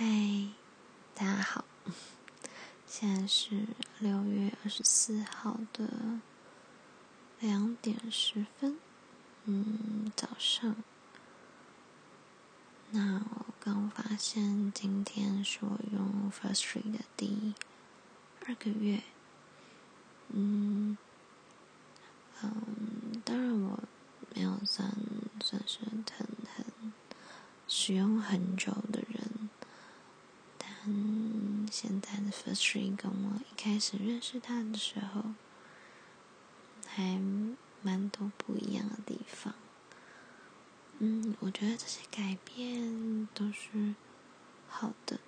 嗨，大家好，現在是六月二十四號的兩點十分，嗯，早上。那我剛發現，今天是我用 Firstory 的第二個月，嗯，嗯，當然我沒有算算是很很使用很久的。現在的 Firstory 跟我一開始認識他的時候，還蠻多不一樣的地方。嗯，我覺得這些改變都是好的，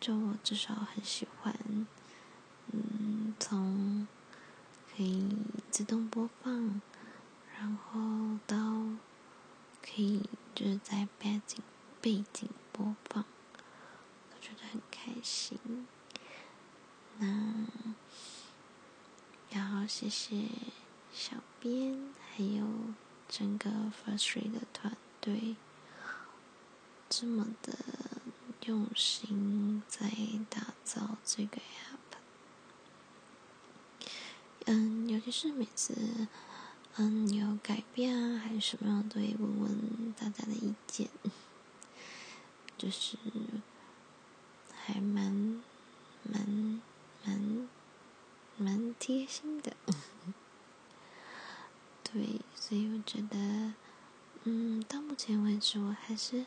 就我至少很喜歡。嗯，從可以自動播放，然後到可以就是在背景背景播放。很開心，那然後謝謝小編，還有整個 Firstory 的團隊，這麼的用心在打造這個 App。嗯，尤其是每次嗯有改變啊，還是什麼樣啊，都會問問大家的意見，就是。還蠻，蠻，蠻，蠻貼心的。對，所以我覺得，嗯，到目前為止，我還是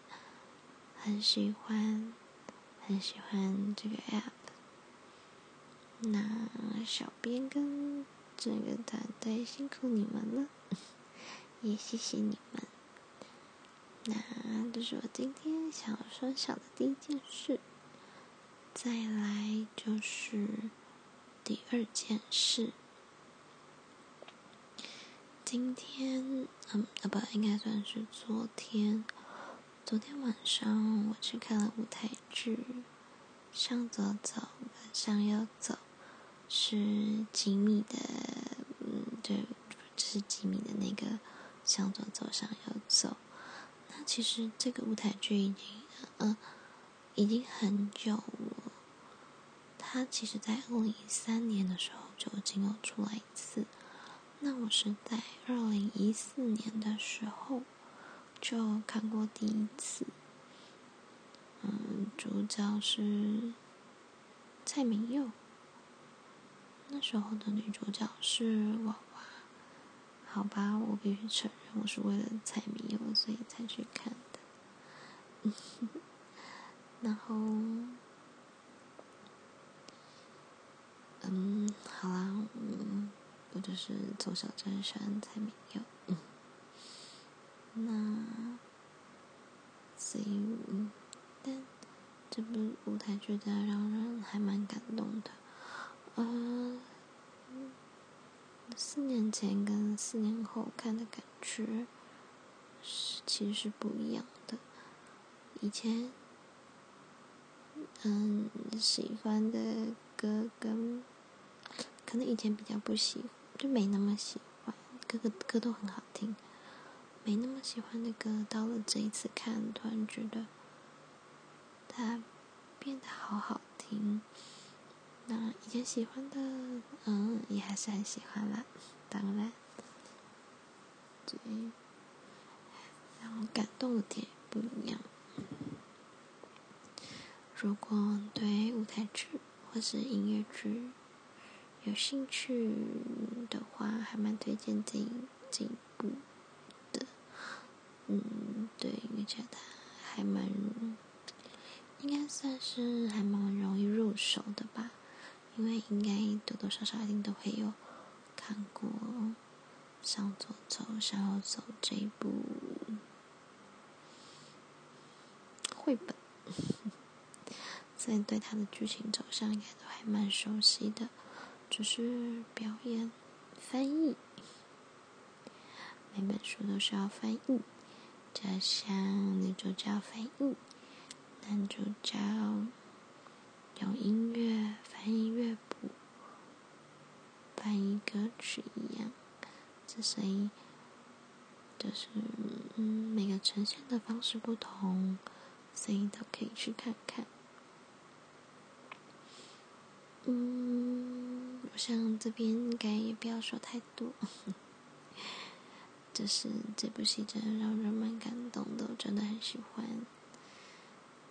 很喜歡，很喜歡這個 App。那小編跟這個團隊辛苦你們了，也謝謝你們。那這是我今天想要分享的第一件事。再來就是第二件事。今天，嗯，啊、不，應該算是昨天。昨天晚上我去看了舞台劇《向左走，向右走》，是幾米的，嗯，對，這、就是幾米的那個《向左走，向右走》。那其實這個舞台劇已經，嗯、呃。已經很久了，他其實，在二零一三年的時候就已經有出來一次，那我是在二零一四年的時候就看過第一次。嗯，主角是蔡明佑，那時候的女主角是娃娃。好吧，我必須承認，我是為了蔡明佑所以才去看的。嗯。然後，嗯，好啦，嗯，我就是從小戰上才沒有。嗯、那，所以，嗯，但這部舞台劇的讓人還蠻感動的。呃，四年前跟四年後看的感覺是其實是不一樣的，以前。嗯，喜歡的歌跟可能以前比較不喜歡，就沒那麼喜歡。各個歌都很好聽，沒那麼喜歡的歌，到了這一次看，突然覺得他變得好好聽。那、嗯、以前喜歡的，嗯，也還是很喜歡啦，當然。對，然後感動的點不一樣。如果對舞台劇或是音樂劇有興趣的話，還蠻推薦這一這一部的。嗯，對，你覺得還蠻應該算是還蠻容易入手的吧，因為應該多多少少一定都會有看過《向左走，向右走》這一部繪本。在對他的劇情走向應該都還蠻熟悉的，只、就是表演、翻譯，每本書都需要翻譯，就像女主角翻譯，男主角用音樂翻譯樂譜，翻譯歌曲一樣，這聲音就是嗯，每個呈現的方式不同，所以都可以去看看。嗯，我想這邊應該也不要說太多。就 是這部戲真的讓人們感動的，我真的很喜歡。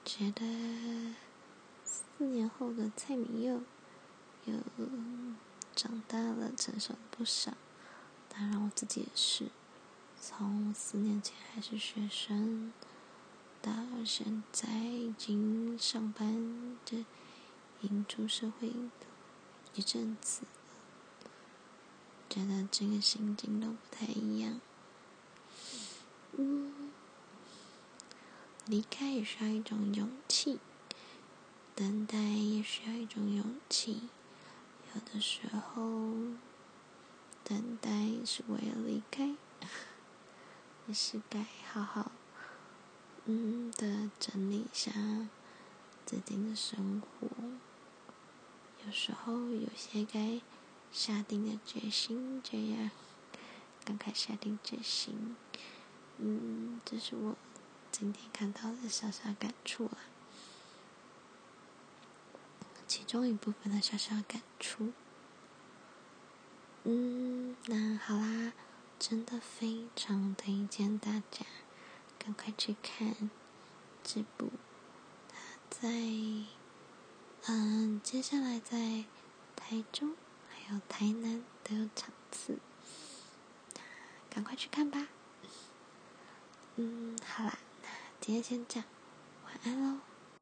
覺得四年後的蔡明佑又長大了，成熟了不少。當然，我自己也是，從四年前還是學生，到現在已經上班的。剛出社會一陣子了，覺得這個心境都不太一樣。嗯，離開也需要一種勇氣，等待也需要一種勇氣。有的時候，等待是為了離開，也是該好好嗯的整理一下自己的生活。有時候有些該下定的決心，就要趕快下定決心。嗯，這是我今天看到的小小感觸啊。其中一部分的小小感觸。嗯，那好啦，真的非常推薦大家趕快去看這部。他在。嗯，接下來在台中還有台南都有場次，趕快去看吧。嗯，好啦，那今天先這樣，晚安嘍。